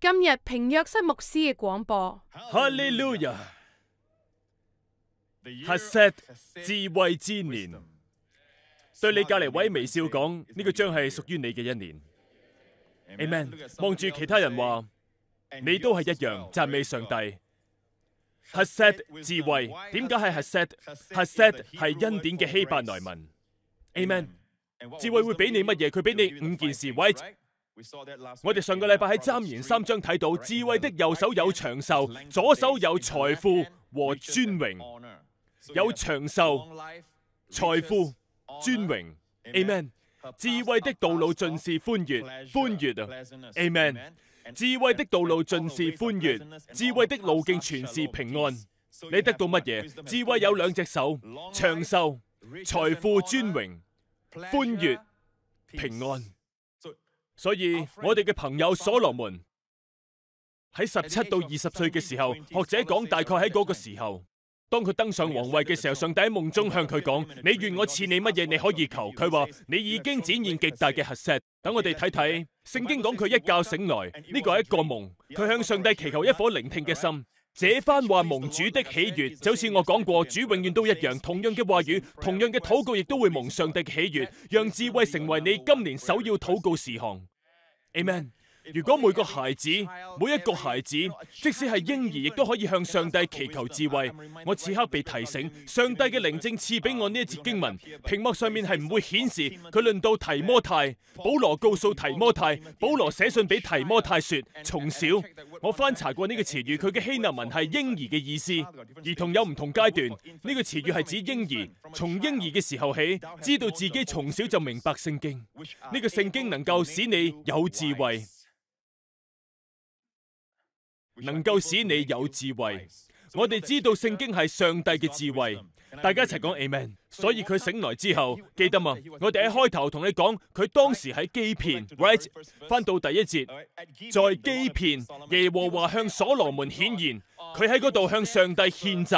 今日平約瑟牧師嘅廣播。Hallelujah。Hased 智慧之年，對你隔籬位微笑講呢個將係屬於你嘅一年。Amen。望住其他人話，你都係一樣讚美上帝。Hased 智慧，點解係 Hased？Hased 係恩典嘅希伯來文。Amen。Amen。智慧會俾你乜嘢？佢俾你五件事。Right? 我哋上個禮拜喺《箴言》三章睇到，智慧的右手有長壽，左手有財富和尊榮，有長壽、財富、尊榮。阿門。智慧的道路盡是歡悅，歡悅。阿門。智慧的道路盡是歡悅，智慧的路徑全是平安。你得到乜嘢？智慧有兩隻手，長壽、財富、尊榮、歡悅、平安。所以我哋嘅朋友所羅門喺十七到二十歲嘅時候，學者講大概喺嗰個時候，當佢登上皇位嘅時候，上帝喺夢中向佢講：你願我賜你乜嘢？你可以求。佢話你已經展現極大嘅核石。等我哋睇睇，聖經講佢一覺醒來，呢個係一個夢。佢向上帝祈求一顆聆聽嘅心。這番話蒙主的喜悅，就好似我講過，主永遠都一樣，同樣嘅話語，同樣嘅禱告，亦都會蒙上帝嘅喜悅。讓智慧成為你今年首要禱告事項。Amen。如果每個孩子，每一個孩子，即使係嬰兒，亦都可以向上帝祈求智慧。我此刻被提醒，上帝嘅靈正賜俾我呢一節經文。屏幕上面係唔會顯示佢論到提摩太。保羅告訴提摩太，保羅寫信俾提摩太說，從小我翻查過呢個詞語，佢嘅希臘文係嬰兒嘅意思，兒童有唔同階段，呢、這個詞語係指嬰兒。從嬰兒嘅時候起，知道自己從小就明白聖經，呢、這個聖經能夠使你有智慧。能夠使你有智慧，我哋知道聖經係上帝嘅智慧，大家一齊講 Amen。所以佢醒來之後，記得嘛，我哋喺開頭同你講，佢當時喺基遍，right？翻到第一節，在基遍，耶和華向所羅門顯現。佢喺嗰度向上帝獻祭，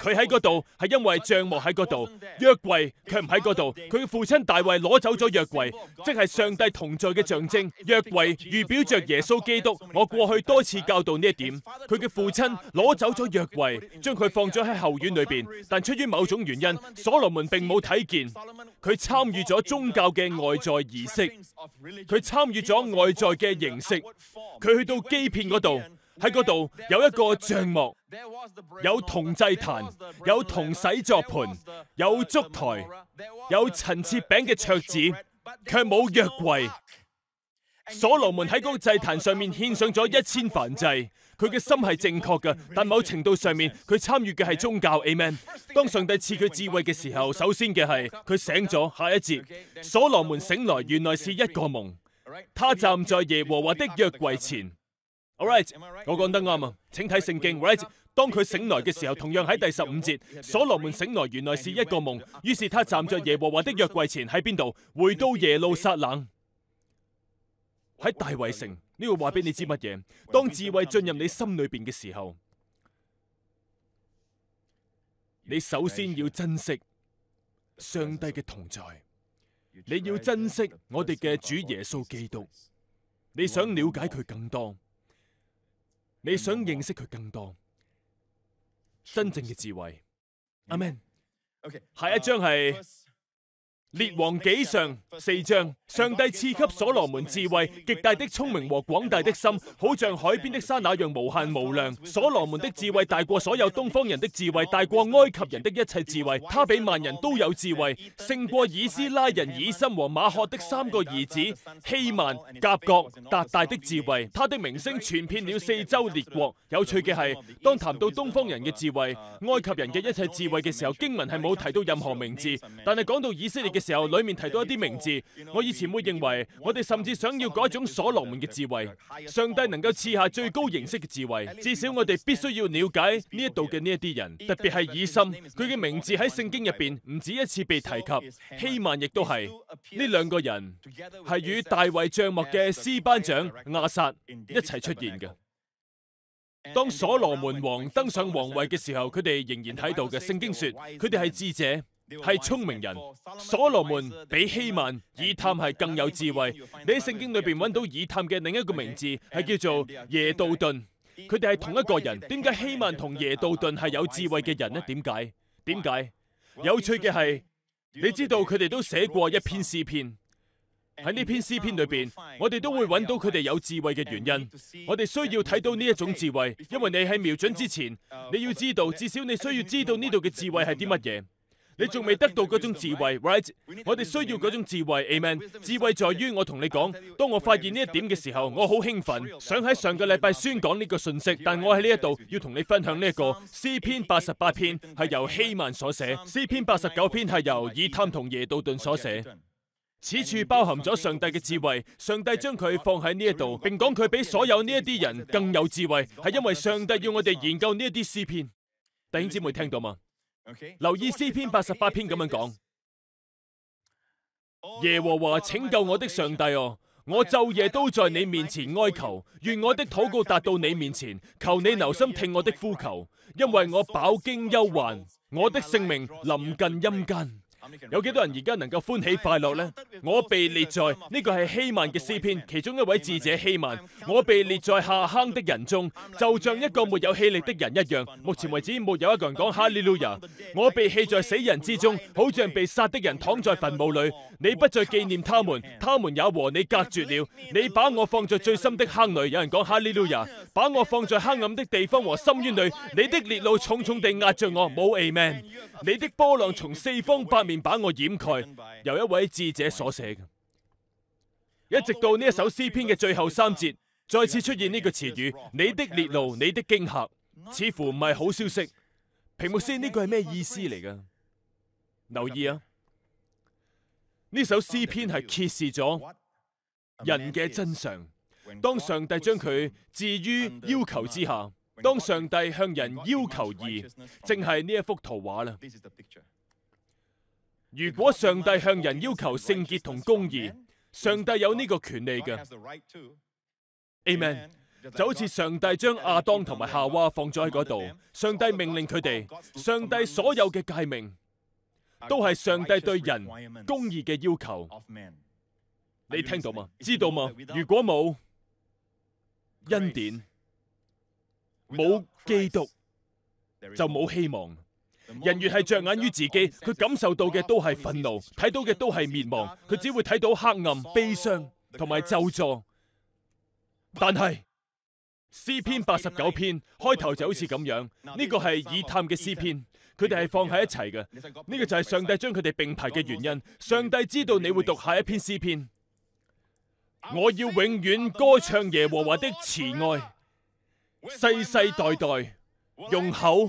佢喺嗰度係因為帳幕喺嗰度，約櫃卻唔喺嗰度。佢嘅父親大衛攞走咗約櫃，即係上帝同在嘅象徵。約櫃預表着耶穌基督。我過去多次教導呢一點。佢嘅父親攞走咗約櫃，將佢放咗喺後院裏邊，但出於某種原因，所羅門並冇睇見。佢參與咗宗教嘅外在儀式，佢參與咗外在嘅形式，佢去到基遍嗰度。喺嗰度有一個帳幕，有銅祭壇，有銅洗濯盆，有燭台，有陳設餅嘅桌子，卻冇約櫃。所羅門喺嗰個祭壇上面獻上咗一千燔祭，佢嘅心係正確嘅，但某程度上面佢參與嘅係宗教。Amen。當上帝賜佢智慧嘅時候，首先嘅係佢醒咗。下一節，所羅門醒來，原來是一個夢，他站在耶和華的約櫃前。All right，我講得啱啊！請睇聖經。Right，當佢醒來嘅時候，同樣喺第十五節，所羅門醒來，原來是一個夢。於是他站在耶和華的約櫃前，喺邊度？回到耶路撒冷，喺大衛城。呢個話俾你知乜嘢？當智慧進入你心裏邊嘅時候，你首先要珍惜上帝嘅同在，你要珍惜我哋嘅主耶穌基督。你想了解佢更多？你想認識佢更多，真正嘅智慧，阿 m a n OK，、uh, 下一張係。列王紀上四章，上帝賜給所羅門智慧，極大的聰明和廣大的心，好像海邊的沙那樣無限無量。所羅門的智慧大過所有東方人的智慧，大過埃及人的一切智慧，他比萬人都有智慧，勝過以斯拉人以森和馬赫的三個兒子希曼、甲各、達大的智慧。他的名聲傳遍了四周列國。有趣嘅係，當談到東方人嘅智慧、埃及人嘅一切智慧嘅時候，經文係冇提到任何名字，但係講到以色列嘅嘅時候，裏面提到一啲名字，我以前會認為我哋甚至想要嗰一種所羅門嘅智慧。上帝能夠賜下最高形式嘅智慧，至少我哋必須要了解呢一度嘅呢一啲人，特別係以琛，佢嘅名字喺聖經入邊唔止一次被提及。希曼亦都係。呢兩個人係與大衛帳幕嘅詩班長亞薩一齊出現嘅。當所羅門王登上皇位嘅時候，佢哋仍然喺度嘅。聖經說佢哋係智者。係聰明人，所羅門比希曼以探係更有智慧。你喺聖經裏邊搵到以探嘅另一個名字係叫做耶杜頓，佢哋係同一個人。點解希曼同耶杜頓係有智慧嘅人呢？點解？點解？有趣嘅係，你知道佢哋都寫過一篇詩篇。喺呢篇詩篇裏邊，我哋都會搵到佢哋有智慧嘅原因。我哋需要睇到呢一種智慧，因為你喺瞄準之前，你要知道，至少你需要知道呢度嘅智慧係啲乜嘢。你仲未得到嗰種智慧，Right？我哋需要嗰種智慧，Amen。智慧在於我同你講，當我發現呢一點嘅時候，我好興奮，想喺上個禮拜宣講呢個信息，但我喺呢一度要同你分享呢一個詩篇。八十八篇係由希曼所寫，詩篇八十九篇係由以探同耶道頓所寫。此處包含咗上帝嘅智慧，上帝將佢放喺呢一度，並講佢比所有呢一啲人更有智慧，係因為上帝要我哋研究呢一啲詩篇。弟兄姊妹聽到嗎？留意詩篇八十八篇咁樣講，耶和華拯救我的上帝哦、啊，我晝夜都在你面前哀求，願我的禱告達到你面前，求你留心聽我的呼求，因為我飽經憂患，我的性命臨近陰間。有幾多人而家能夠歡喜快樂呢？我被列在呢個係希曼嘅詩篇，其中一位智者希曼，我被列在下坑的人中，就像一個沒有氣力的人一樣。目前為止，沒有一個人講哈利路亞。我被棄在死人之中，好像被殺的人躺在墳墓裏。你不再紀念他們，他們也和你隔絕了。你把我放在最深的坑裏，有人講哈利路亞，把我放在黑暗的地方和深淵裏。你的烈怒重重地壓着我，冇，Amen。你的波浪從四方八面。把我掩蓋，由一位智者所寫嘅，一直到呢一首詩篇嘅最後三節，再次出現呢個詞語。你的烈怒，你的驚嚇，似乎唔係好消息。屏幕先呢句係咩意思嚟㗎？留意啊，呢首詩篇係揭示咗人嘅真相。當上帝將佢置於要求之下，當上帝向人要求而，正係呢一幅圖畫啦。如果上帝向人要求聖潔同公義，上帝有呢個權利嘅，Amen。就好似上帝將亞當同埋夏娃放咗喺嗰度，上帝命令佢哋，上帝所有嘅誡命都係上帝對人公義嘅要求。你聽到嗎？知道嗎？如果冇恩典，冇基督，就冇希望。人越係着眼於自己，佢感受到嘅都係憤怒，睇到嘅都係滅亡，佢只會睇到黑暗、悲傷同埋咒詛。但係詩篇八十九篇開頭就好似咁樣，呢個係以探嘅詩篇，佢哋係放喺一齊嘅，呢個就係上帝將佢哋並排嘅原因。上帝知道你會讀下一篇詩篇，我要永遠歌唱耶和華的慈愛，世世代代用口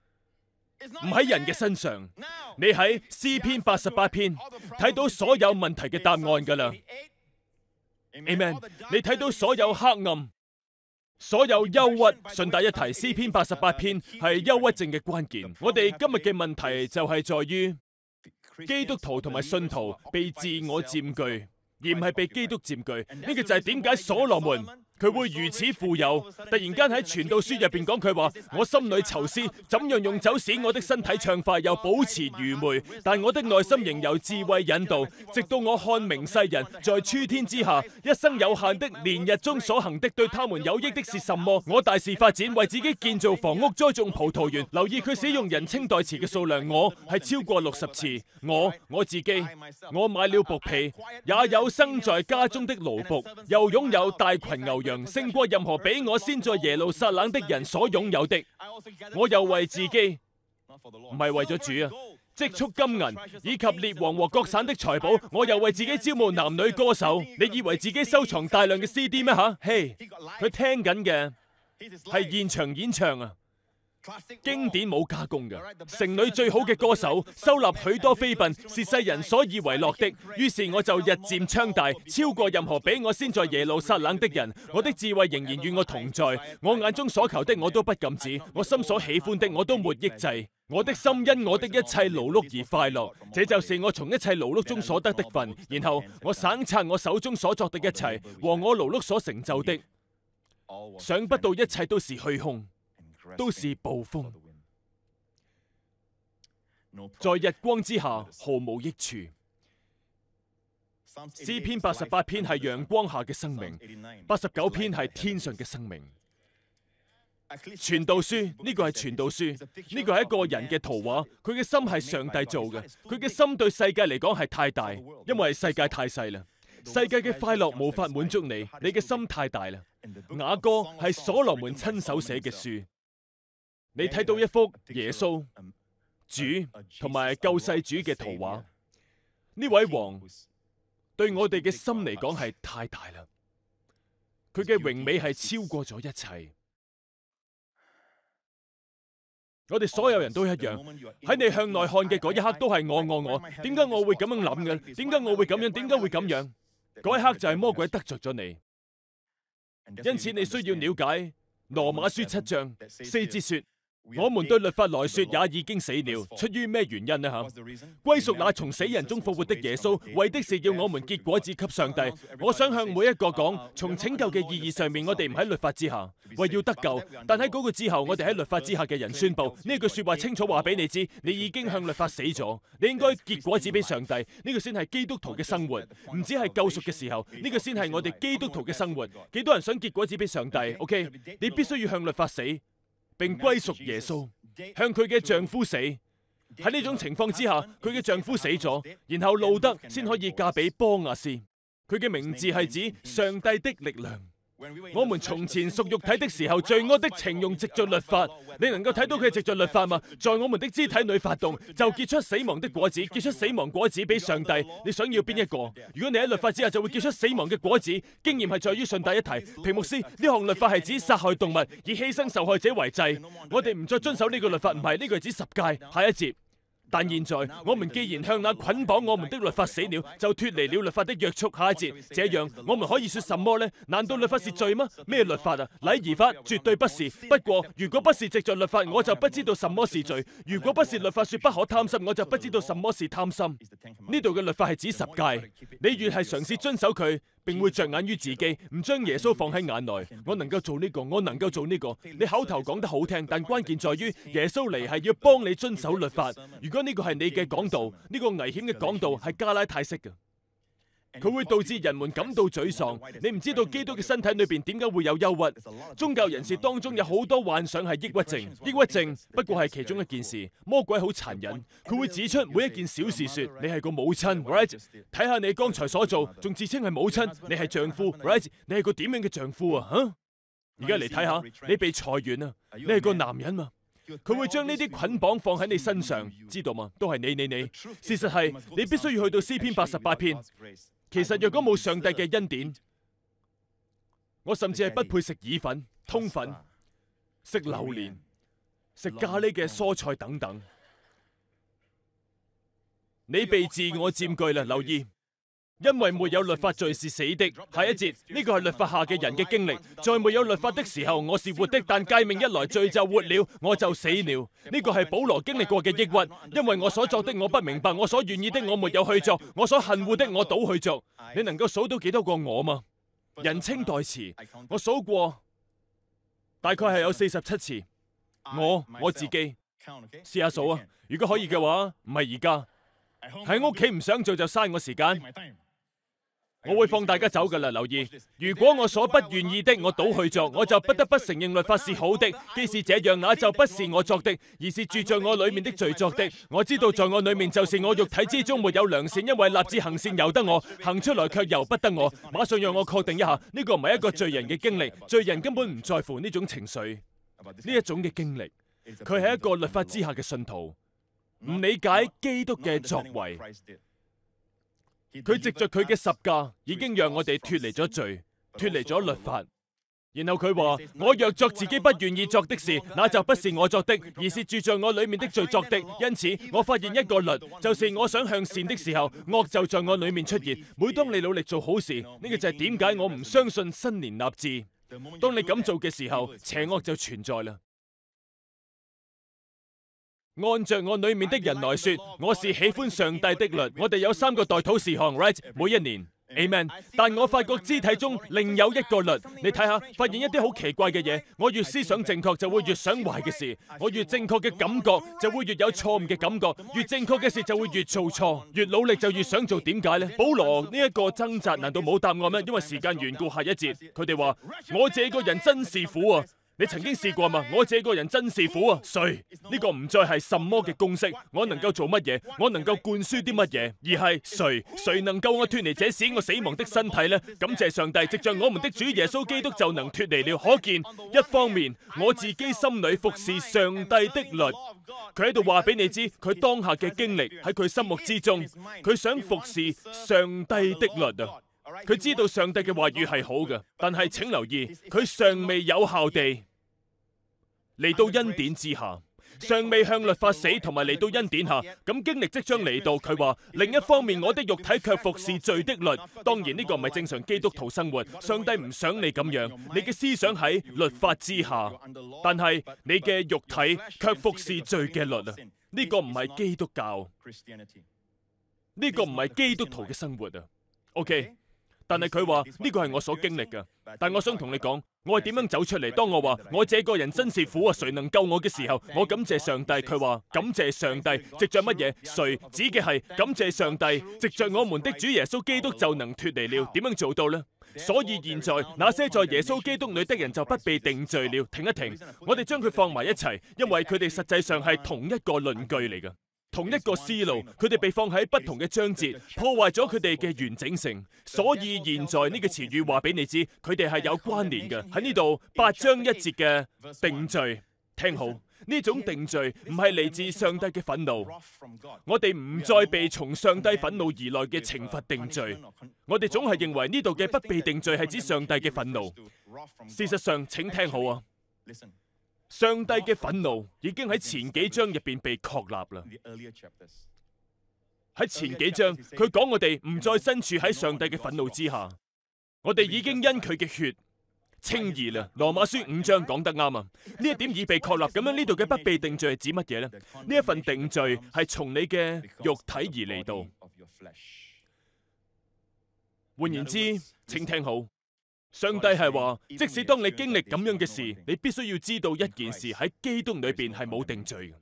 唔喺人嘅身上，你喺詩篇八十八篇睇到所有問題嘅答案噶啦。Amen。你睇到所有黑暗、所有憂鬱。順帶一提，詩篇八十八篇係憂鬱症嘅關鍵。我哋今日嘅問題就係在於基督徒同埋信徒被自我佔據，而唔係被基督佔據。呢個就係點解所羅門。佢會如此富有？突然間喺傳道書入邊講佢話，我心裡愁思，怎樣用酒使我的身體暢快，又保持愚昧？但我的內心仍有智慧引導，直到我看明世人，在諸天之下，一生有限的年日中所行的，對他們有益的是什麼？我大事發展，為自己建造房屋，栽種葡萄園。留意佢使用人稱代詞嘅數量，我係超過六十次。我、我自己，我買了薄皮，也有生在家中的奴僕，又擁有大群牛羊，勝過任何比我先在耶路撒冷的人所擁有的。我又為自己，唔係為咗主啊，積蓄金銀以及列王和各省的財寶。我又為自己招募男女歌手。你以為自己收藏大量嘅 CD 咩？吓？嘿，佢聽緊嘅係現場演唱啊！經典冇加工嘅、城裡最好嘅歌手，收納許多妃嬪，是世人所以為樂的。於是我就日漸昌大，超過任何比我先在耶路撒冷的人。我的智慧仍然與我同在，我眼中所求的我都不禁止，我心所喜歡的我都沒抑制。我的心因我的一切勞碌而快樂，這就是我從一切勞碌中所得的份。然後我省察我手中所作的一切，和我勞碌所成就的，想不到一切都是虛空。都是暴風，在日光之下毫無益處。詩篇八十八篇係陽光下嘅生命，八十九篇係天上嘅生命。傳道書呢、這個係傳道書呢、這個係一個人嘅圖畫，佢嘅心係上帝做嘅，佢嘅心對世界嚟講係太大，因為世界太細啦。世界嘅快樂無法滿足你，你嘅心太大啦。雅歌係所羅門親手寫嘅書。你睇到一幅耶穌、主同埋救世主嘅圖畫，呢位王對我哋嘅心嚟講係太大啦，佢嘅榮美係超過咗一切。我哋所有人都一樣，喺你向內看嘅嗰一刻都係我我我，點解我會咁樣諗嘅？點解我會咁樣？點解會咁樣？嗰一刻就係魔鬼得著咗你，因此你需要了解羅馬書七章四節說。我們對律法來說也已經死了，出於咩原因呢？吓，歸屬那從死人中復活的耶穌，為的是要我們結果子給上帝。我想向每一個講，從拯救嘅意義上面，我哋唔喺律法之下，為要得救。但喺嗰句之後，我哋喺律法之下嘅人宣布呢句說話，清楚話俾你知，你已經向律法死咗，你應該結果子俾上帝。呢個先係基督徒嘅生活，唔止係救贖嘅時候，呢個先係我哋基督徒嘅生活。幾多人想結果子俾上帝？OK，你必須要向律法死。並歸屬耶穌，向佢嘅丈夫死。喺呢種情況之下，佢嘅丈夫死咗，然後路得先可以嫁俾波阿斯。佢嘅名字係指上帝的力量。我們從前屬肉體的時候，罪惡的情用藉着律法。你能夠睇到佢嘅藉着律法嗎？在我們的肢體裏發動，就結出死亡的果子，結出死亡果子俾上帝。你想要邊一個？如果你喺律法之下，就會結出死亡嘅果子。經驗係在於順帶一提，平牧師呢項律法係指殺害動物，以犧牲受害者為祭。我哋唔再遵守呢個律法，唔係呢個係指十誡。下一節。但現在，我們既然向那捆綁我們的律法死了，就脫離了律法的約束。下一節。這樣，我們可以說什麼呢？難道律法是罪嗎？咩律法啊？禮儀法絕對不是。不過，如果不是藉著律法，我就不知道什麼是罪。如果不是律法說不可貪心，我就不知道什麼是貪心。呢度嘅律法係指十誡，你越係嘗試遵守佢。並會着眼於自己，唔將耶穌放喺眼內。我能夠做呢個，我能夠做呢個。你口頭講得好聽，但關鍵在於耶穌嚟係要幫你遵守律法。如果呢個係你嘅講道，呢個危險嘅講道係加拉太式嘅。佢會導致人們感到沮喪。你唔知道基督嘅身體裏邊點解會有憂鬱？宗教人士當中有好多幻想係抑鬱症。抑鬱症,抑鬱症不過係其中一件事。魔鬼好殘忍，佢會指出每一件小事說，說你係個母親。Right，睇下你剛才所做，仲自稱係母親。你係丈夫，Right，right ?你係個點樣嘅丈夫啊？吓、啊！而家嚟睇下，你被裁員啊！你係個男人啊？佢會將呢啲捆綁放喺你身上，知道嘛？都係你你你。你你你事實係你必須要去到詩篇八十八篇。其實若果冇上帝嘅恩典，我甚至係不配食意粉、通粉、食榴蓮、食咖喱嘅蔬菜等等。你被自我佔據啦，留意。因為沒有律法罪是死的。下一節呢個係律法下嘅人嘅經歷。在沒有律法的時候，我是活的；但誡命一來，罪就活了，我就死了。呢個係保羅經歷過嘅抑鬱，因為我所作的我不明白，我所願意的我沒有去做；我所恨惡的我倒去做。你能夠數到幾多個我嗎？人稱代詞，我數過，大概係有四十七次。我我自己，試下數啊。如果可以嘅話，唔係而家喺屋企唔想做就嘥我時間。我會放大家走噶啦，留意。如果我所不願意的，我倒去作，我就不得不承認律法是好的。既是這樣，那就不是我作的，而是住在我裏面的罪作的。我知道在我裏面就是我肉體之中沒有良善，因為立志行善由得我，行出來卻由不得我。馬上讓我確定一下，呢個唔係一個罪人嘅經歷，罪人根本唔在乎呢種情緒，呢一種嘅經歷。佢係一個律法之下嘅信徒，唔理解基督嘅作為。佢藉着佢嘅十架，已經讓我哋脫離咗罪，脫離咗律法。然後佢話：我若作自己不願意作的事，那就不是我作的，而是住在我裏面的罪作的。因此，我發現一個律，就是我想向善的時候，惡就在我裏面出現。每當你努力做好事，呢個就係點解我唔相信新年立志。當你咁做嘅時候，邪惡就存在啦。按照我裏面的人來說，我是喜歡上帝的律。我哋有三個代禱事項，right？每一年，amen。但我發覺肢體中另有一個律，你睇下，發現一啲好奇怪嘅嘢。我越思想正確，就會越想壞嘅事；我越正確嘅感，感覺，就會越有錯誤嘅感覺；越正確嘅事，就會越做錯；越努力，就越想做。點解呢？保羅呢一個掙扎，難道冇答案咩？因為時間緣故，下一節佢哋話：我這個人真是苦啊！你曾經試過嘛？我這個人真是苦啊！誰呢個唔再係什麼嘅公式？我能夠做乜嘢？我能夠灌輸啲乜嘢？而係誰？誰能夠我脫離這使我死亡的身體呢？感謝上帝，藉着我們的主耶穌基督就能脫離了。可見一方面，我自己心裏服侍上帝的律，佢喺度話俾你知佢當下嘅經歷喺佢心目之中，佢想服侍上帝的律啊！佢知道上帝嘅話語係好嘅，但係請留意，佢尚未有效地。嚟到恩典之下，尚未向律法死，同埋嚟到恩典下，咁經歷即將嚟到。佢話另一方面，我的肉體卻服侍罪的律。當然呢個唔係正常基督徒生活，上帝唔想你咁樣，你嘅思想喺律法之下，但係你嘅肉體卻服侍罪嘅律啊。呢個唔係基督教，呢個唔係基督徒嘅生活啊。OK，但係佢話呢個係我所經歷噶，但我想同你講。我係點樣走出嚟？當我話我這個人真是苦啊，誰能救我嘅時候，我感謝上帝。佢話感謝上帝，藉着乜嘢？誰指嘅係感謝上帝？藉着我們的主耶穌基督就能脫離了。點樣做到呢？所以現在那些在耶穌基督裏的人就不被定罪了。停一停，我哋將佢放埋一齊，因為佢哋實際上係同一個論據嚟噶。同一個思路，佢哋被放喺不同嘅章節，破壞咗佢哋嘅完整性。所以現在呢個詞語話俾你知，佢哋係有關聯嘅。喺呢度八章一節嘅定罪，聽好，呢種定罪唔係嚟自上帝嘅憤怒。我哋唔再被從上帝憤怒而來嘅懲罰定罪。我哋總係認為呢度嘅不被定罪係指上帝嘅憤怒。事實上，請聽好啊。上帝嘅憤怒已經喺前幾章入邊被確立啦。喺前幾章，佢講我哋唔再身處喺上帝嘅憤怒之下，我哋已經因佢嘅血稱義啦。羅馬書五章講得啱啊！呢一點已被確立。咁樣呢度嘅不被定罪係指乜嘢呢？呢一份定罪係從你嘅肉體而嚟到。換言之，請聽好。上帝係話，即使當你經歷咁樣嘅事，你必須要知道一件事，喺基督裏邊係冇定罪嘅。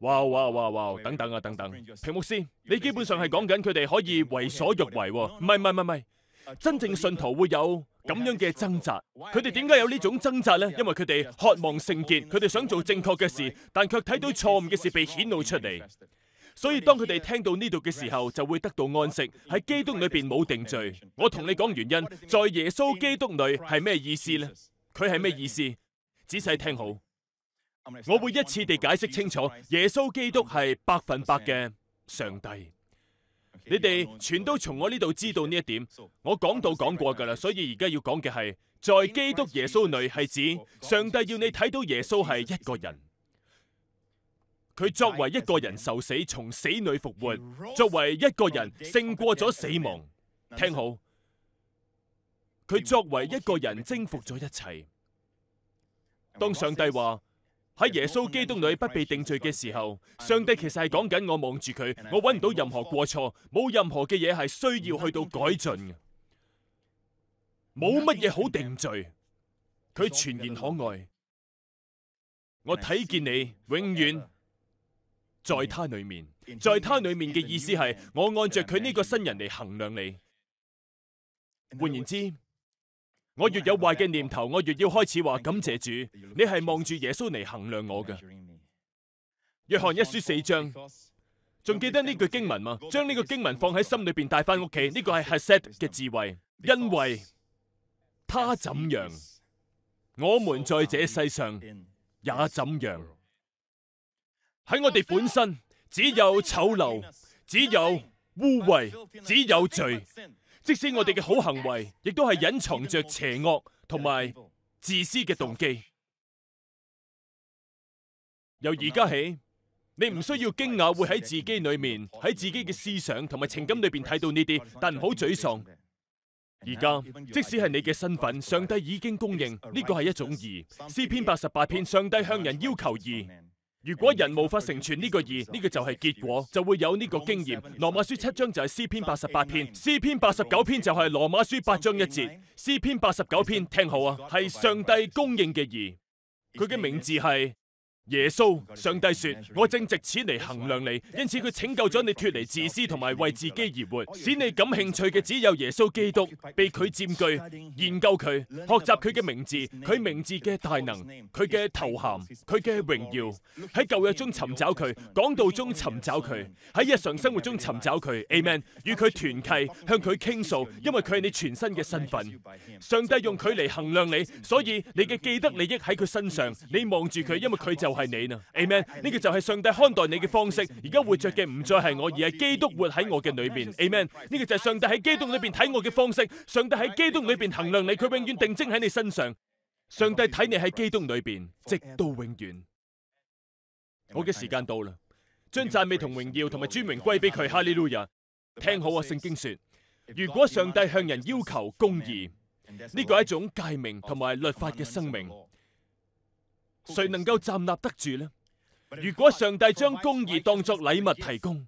哇哇哇哇，等等啊，等等。平牧師，你基本上係講緊佢哋可以為所欲為。唔係，唔係，唔係，真正信徒會有咁樣嘅掙扎。佢哋點解有呢種掙扎呢？因為佢哋渴望聖潔，佢哋想做正確嘅事，但卻睇到錯誤嘅事被顯露出嚟。所以當佢哋聽到呢度嘅時候，就會得到安息，喺基督裏面冇定罪。我同你講原因，在耶穌基督裏係咩意思呢？佢係咩意思？仔細聽好，我會一次地解釋清楚。耶穌基督係百分百嘅上帝，你哋全都從我呢度知道呢一點。我講到講過噶啦，所以而家要講嘅係在基督耶穌裏係指上帝要你睇到耶穌係一個人。佢作為一個人受死，從死裏復活；作為一個人勝過咗死亡。聽好，佢作為一個人征服咗一切。當上帝話喺耶穌基督裏不被定罪嘅時候，上帝其實係講緊我望住佢，我揾唔到任何過錯，冇任何嘅嘢係需要去到改進嘅，冇乜嘢好定罪。佢全然可愛，我睇見你永遠。在他裏面，在他裏面嘅意思係，我按着佢呢個新人嚟衡量你。換言之，我越有壞嘅念頭，我越要開始話感謝主，你係望住耶穌嚟衡量我嘅。約翰一書四章，仲記得呢句經文嗎？將呢個經文放喺心裏邊帶返屋企，呢個係哈塞嘅智慧。因為他怎樣，我們在這世上也怎樣。喺我哋本身，只有醜陋，只有污穢，只有罪。即使我哋嘅好行為，亦都係隱藏着邪惡同埋自私嘅動機。由而家起，你唔需要驚訝會喺自己裏面，喺自己嘅思想同埋情感裏邊睇到呢啲，但唔好沮喪。而家，即使係你嘅身份，上帝已經公認，呢個係一種義。詩篇八十八篇，上帝向人要求義。如果人無法成全呢個義，呢、這個就係結果，就會有呢個經驗。羅馬書七章就係詩篇八十八篇，詩篇八十九篇就係羅馬書八章一節。詩篇八十九篇，聽好啊，係上帝供應嘅義，佢嘅名字係。耶穌，上帝說我正借此嚟衡量你，因此佢拯救咗你脱離自私同埋為自己而活，使你感興趣嘅只有耶穌基督，被佢佔據，研究佢，學習佢嘅名字，佢名字嘅大能，佢嘅頭銜，佢嘅榮耀，喺舊約中尋找佢，講道中尋找佢，喺日常生活中尋找佢，Amen，與佢團契，向佢傾訴，因為佢係你全新嘅身份。上帝用佢嚟衡量你，所以你嘅既得利益喺佢身上，你望住佢，因為佢就係。係你啦，amen。呢個就係上帝看待你嘅方式。而家活着嘅唔再係我，而係基督活喺我嘅裏邊，amen。呢個就係上帝喺基督裏邊睇我嘅方式。上帝喺基督裏邊衡量你，佢永遠定睛喺你身上。上帝睇你喺基督裏邊，直到永遠。好嘅，時間到啦，將讚美同榮耀同埋尊名歸俾佢，哈利路亞。聽好啊，聖經說，如果上帝向人要求公義，呢、這個係一種誡命同埋律法嘅生命。誰能夠站立得住呢？如果上帝將公義當作禮物提供，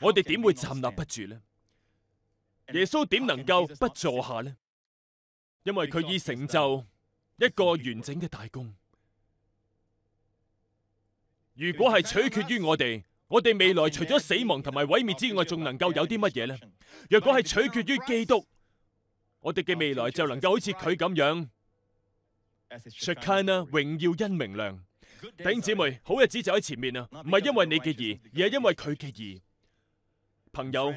我哋點會站立不住呢？耶穌點能夠不坐下呢？因為佢已成就一個完整嘅大功。如果係取決於我哋，我哋未來除咗死亡同埋毀滅之外，仲能夠有啲乜嘢呢？若果係取決於基督，我哋嘅未來就能夠好似佢咁樣。出開啦！榮耀恩明亮，弟兄姊妹，好日子就喺前面啊！唔係因為你嘅義，而係因為佢嘅義。朋友，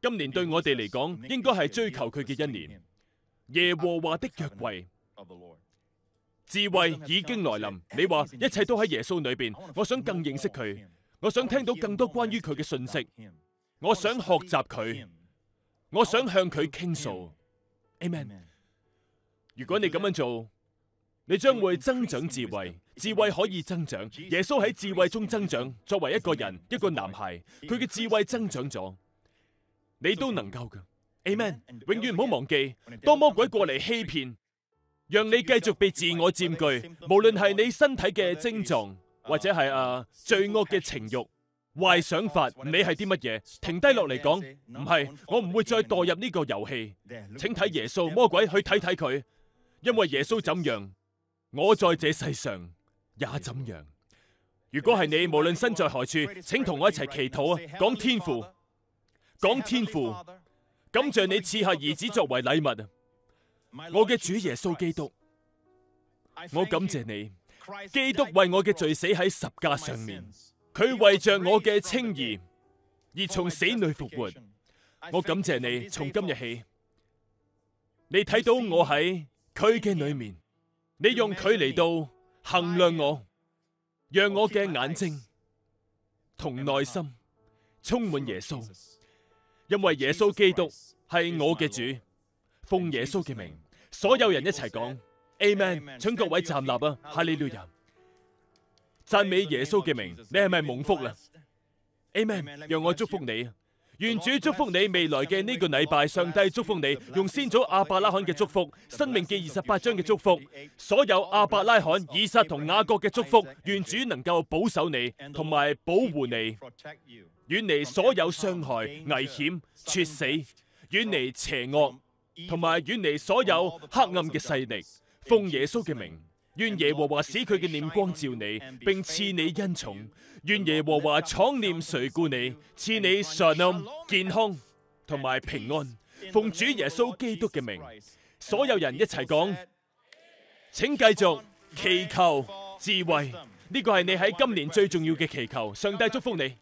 今年對我哋嚟講，應該係追求佢嘅一年。耶和華的約櫃，智慧已經來臨。你話一切都喺耶穌裏邊，我想更認識佢，我想聽到更多關於佢嘅信息，我想學習佢，我想向佢傾訴。阿門。如果你咁樣做，你將會增長智慧，智慧可以增長。耶穌喺智慧中增長。作為一個人，一個男孩，佢嘅智慧增長咗，你都能夠㗎。Amen。永遠唔好忘記，當魔鬼過嚟欺騙，讓你繼續被自我佔據，無論係你身體嘅症狀，或者係啊罪惡嘅情慾、壞想法，你係啲乜嘢？停低落嚟講，唔係，我唔會再墮入呢個遊戲。請睇耶穌，魔鬼去睇睇佢，因為耶穌怎樣？我在這世上也怎樣？如果係你，無論身在何處，請同我一齊祈禱啊！講天父，講天父，感謝你賜下兒子作為禮物啊！我嘅主耶穌基督，我感謝你，基督為我嘅罪死喺十架上面，佢為着我嘅稱義而從死裏復活。我感謝你，從今日起，你睇到我喺佢嘅裏面。你用佢嚟到衡量我，讓我嘅眼睛同內心充滿耶穌，因為耶穌基督係我嘅主。奉耶穌嘅名，所有人一齊講 Amen。請各位站立啊，哈利路亞！讚美耶穌嘅名，你係咪蒙福啦？Amen。讓我祝福你啊。願主祝福你未來嘅呢個禮拜，上帝祝福你，用先祖亞伯拉罕嘅祝福，申命記二十八章嘅祝福，所有亞伯拉罕、以撒同雅各嘅祝福，願主能夠保守你，同埋保護你，遠離所有傷害、危險、猝死，遠離邪惡，同埋遠離所有黑暗嘅勢力，奉耶穌嘅名。願耶和華使佢嘅臉光照你，並賜你恩寵；願耶和華敞念垂顧你，賜你神恩、健康同埋平安。奉主耶穌基督嘅名，所有人一齊講：請繼續祈求智慧。呢個係你喺今年最重要嘅祈求。上帝祝福你。